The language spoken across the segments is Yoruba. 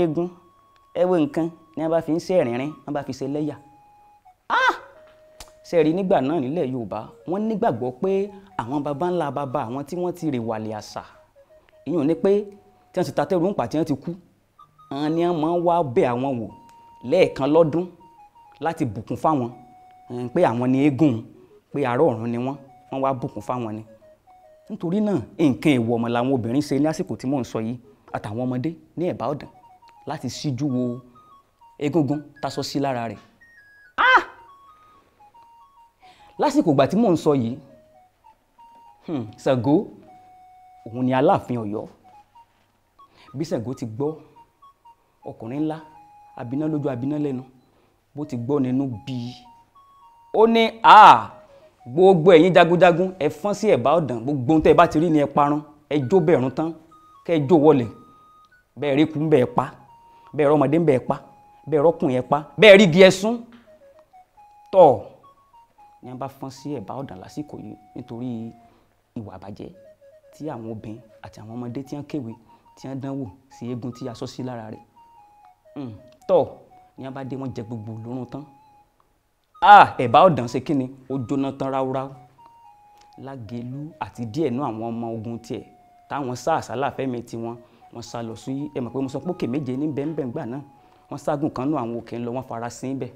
eégún ẹwé nǹkan ni wọ́n bá fi ń ṣe ẹ̀rìnrín wọ́n bá fi ṣe lẹ́yà sẹ́ẹ̀rí ah! nígbà náà nílẹ̀ Yorùbá wọ́n nígbàgbọ́ pé àwọn baba ńlá baba àwọn tí wọ́n ti rèwàlẹ̀ àṣà ìyẹn ni pé tí wọ́n ti ta tẹ́rù ń pa tí wọ́n ti kú àwọn ni wọ́n máa ń wá bẹ̀ àwọn wò lẹ́ẹ̀kan lọ́dún láti bùkún fáwọn pé àwọn ni eégún pé àárọ̀ ọ̀run ni wọ́n wọ́n wá bùkún fáwọn ni nítorí náà nǹkan ìwọ̀mọ̀ làwọn obìnrin ṣe ní àsìkò tí mò ń sọ yìí àtàwọn ọmọdé ní ẹ̀bá ọ̀dàn láti síjú wo egungun tasọ sí lára rẹ̀ ah! lásìkò ìgbà tí mò ń sọ yìí hmm, Ṣàngó òun ni Aláàfin Ọ̀yọ́ bí Ṣàngó ti gbọ́ ọkùnrin ńlá abiná lójú abiná lẹ́nu bó ti gbọ́ nínú bíi ó ní a gbogbo ẹ̀yin jagunjagun ẹ fọ́n sí ẹ̀bá ọ̀dàn gbogbo ohun tẹ́ ẹ bá ti rí ni ẹ parun ẹ jó bẹ̀rùn tán kẹ́ jó wọlé bẹ́ẹ̀ rí kú ń pa bẹ́ẹ̀ rọmọdé ń bẹ́ẹ̀ pa bẹ́ẹ̀ rọkùnrin ẹ̀ pa bẹ́ẹ̀ rígi ẹ̀ sún tọ̀ ni a bá fọ́n sí ẹ̀bá ọ̀dàn lásìkò yìí nítorí ìwà àbàjẹ́ tí àwọn obìnrin àti àwọn ọmọdé tí wọ́n kéwèé tí wọ́n dánwò sí eegun tí aṣọ sí lára rẹ̀ hmm, tọ̀ ni a bá dé wọ́n jẹ gbogbo lórun tán ẹ̀bá ọ̀dàn ṣe kíni ó jóná tán ráúráú lágẹ̀lú àti díẹ̀ nú àwọn ọmọ ogun tiẹ̀ táwọn sá àsálà fẹ́mi tiwọn wọ́n sá lọ sí ẹ mọ̀ pé mo sọ pé òkè méje ní bẹ́ẹ̀nbẹ́ẹ̀ gbà náà wọ́n ságùn kan nú àwọn òkè ńlọ wọ́n farasin bẹ̀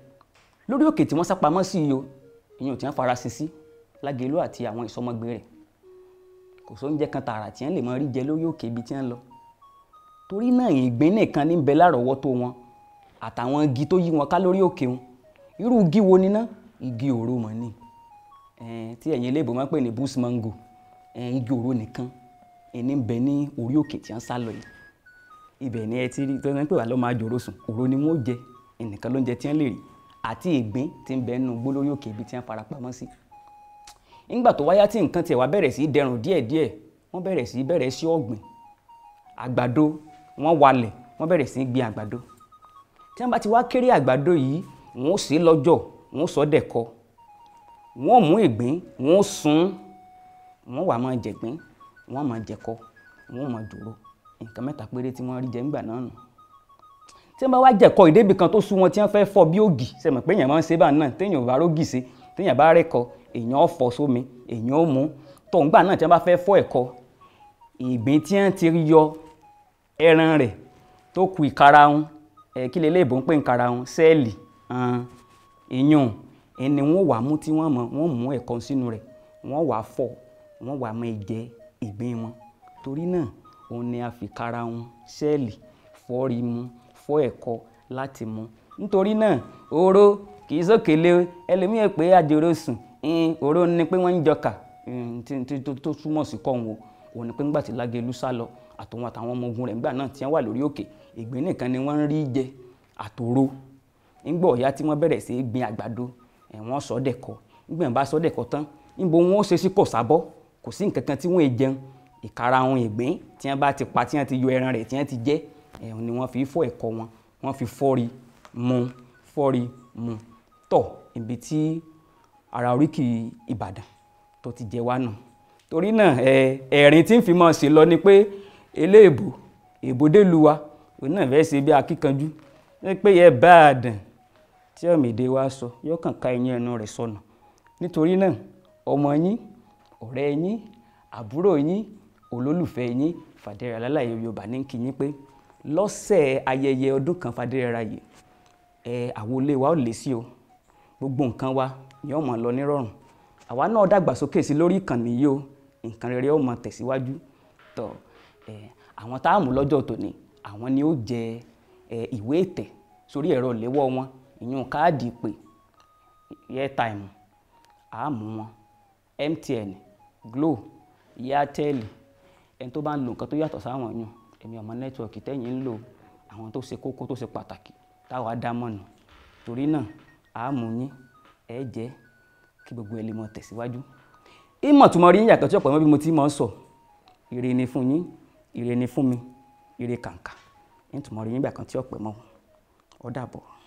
lórí òkè tí wọ́n sá pamọ́ sí iyo ìyẹn ò tí wọ́n farasin sí Lágelú àti àwọn ìsọmọgbé rẹ̀ kò sóúnjẹ kan tààrà tí wọ́n lè mọ rí jẹ lórí òkè ibi tí wọ́n lọ torí náà ìgbín nìkan ní bẹ lárọ̀ọ́wọ́tó wọn àtàwọn igi tó yí wọn ká lórí òkè wọn irú igi wo ni ná igi òro mọ̀ ni tí ẹ̀yin eléèbó máa ń pè ní bush mango igi òro nìkan ìní ń bẹ ní orí òkè tí wọ́n sá lọ yìí ibẹ̀ ni ẹ ti rí tó ń pè wá lọ́ máa jòrò sùn òru ni wọ́n jẹ ìnìkan ló ń jẹ tí wọ́n lè rí àti ìgbín tí ń bẹ nínú igbó lórí òkè ibi tí wọ́n fara pamọ́ sí. nígbà tó wáyá tí nǹkan tiẹ̀ wá bẹ̀rẹ̀ sí dẹrùn díẹ̀díẹ̀ wọ́n bẹ̀rẹ̀ sí bẹ̀rẹ̀ sí ọ̀gbìn àgbàdo wọ́n walẹ̀ wọ́n bẹ̀rẹ̀ sí gbin àgbàdo tí wọ́n bá ti wá kéré àgbàdo yìí wọ́n sè é lọ́jọ̀ wọ́n sọ dẹ̀kọ wọ́n mú ìgbín wọ́n sun wọ́n wà máa jẹ̀gbín wọ́n máa jẹ̀kọ wọ́n máa dúró nǹkan mẹ́ta péré tí wọ́n rí jẹ ńgbà náà nù tí wọ́n bá wá jẹ̀kọ ìdébì kan tó sú wọn tí wọ́n fẹ́ fọ bí ògì sẹ́mi pé èèyàn máa ń ṣe bá náà téèyàn bá rógì ṣe téèyàn bá rẹ́kọ èèyàn fọ sómi èèyàn ó mú tó ńgbà náà tí wọ́n bá fẹ́ fọ ẹ̀kọ ìgbín tí wọ́n ti yọ ẹran rẹ̀ tó ku ìkarahun ẹ̀ kí lè léèbó ń pè ń karahun sẹ́ẹ̀lì ìyún ẹni wọ́n wàá mú tí wọ́n mọ̀ wọ́n mú ẹ̀kọ sínú rẹ̀ wọ́n wàá fọ wọ́n wàá máa jẹ ìgbín wọn torí náà òun ni a fi kara wọn sẹ́ẹ̀lì fọ́ọ̀rì mu fọ́ ẹ̀kọ láti mu nítorí náà oró kì í sókèlè ẹlòmíràn pé àjèrò sùn oró ni pé wọ́n ń jọkà tó túmọ̀ sí kọ́ wọn òun ni pé ńgbà tí Lágelú sá lọ àtòun àtàwọn ọmọ ogun rẹ̀ ńgbà náà tí wọ́n wà lórí òkè ìgbín nìkan ni wọ́n ń rí jẹ àtòró ńgbà ọ̀yá tí wọ́n bẹ̀rẹ̀ sí gbin àgbàdo wọ́n sọ́dẹ̀kọ ńgbà bá sọ́dẹ̀kọ tán ńbo wọn ó ṣe sí kò sábọ́ kò sí nǹkan kan tí wọ́n jẹun ìkarahun ìgbín tí wọ́n bá ti pa tí wọ́n ti yọ ẹran rẹ̀ tí wọ́n ti jẹ ẹ̀hún ni wọ́n fi fọ́ ẹ̀kọ́ wọn wọ́n fi fọ́ọ̀rì mu fọ́ọ̀rì mu tọ̀ ibi tí ara oríkì Ìbàdàn tó ti jẹ wá nù torí náà ẹ̀rín tí ń fi máa ṣe lọ ni pé eléèbò èbòdélúwa òun náà fẹ́ ṣe bí akíkanjú ní pé yẹ bá a dàn tí ọ̀mẹ̀dẹ̀ wa sọ yóò kàn ká ẹyin ẹnu rẹ̀ sọnù nítorí náà ọmọ yín ọ̀rẹ́ yín àbúrò yín olólùfẹ́ yín Fàdérè Alálàyé Yorùbá ní kí yín pé lọ́sẹ̀ ayẹyẹ ọdún kan Fàdérè yìí ẹ àwọn ilé wa ò lè sí o gbogbo nǹkan wa ni ó máa lọ nírọ̀rùn àwa náà dàgbàsókè sí lórí ìkànnì yìí o nǹkan rere ó tẹ̀síwájú tó ẹ àwọn tá a mú lọ́jọ́ tòní àwọn ni ó jẹ ẹ ìwé ìtẹ̀ sórí ẹ̀rọ ìléwọ́ wọn ìyún káàdì ìpè airtime àá mú wọn MTN Glo Airtel ẹni tó bá ń lo nǹkan tó yàtọ̀ sáwọn yàn èmi ọmọ nẹ́tíwọ̀kì tẹ́yìn ń lò àwọn tó ṣe kókó tó ṣe pàtàkì táwa dá mọ̀nà torí náà àámú yín ẹ jẹ́ kí gbogbo ẹ lè mọ tẹ̀síwájú. ìmọ̀ tí mo rí yàtọ̀ tí ọ̀pọ̀ mọ́ bí mo ti mọ̀ sọ ire ni fún yín ire ni fún mi ire kàǹkà nítorí mo rí yín gbà kan tí ọ̀pẹ̀ mọ́ ọ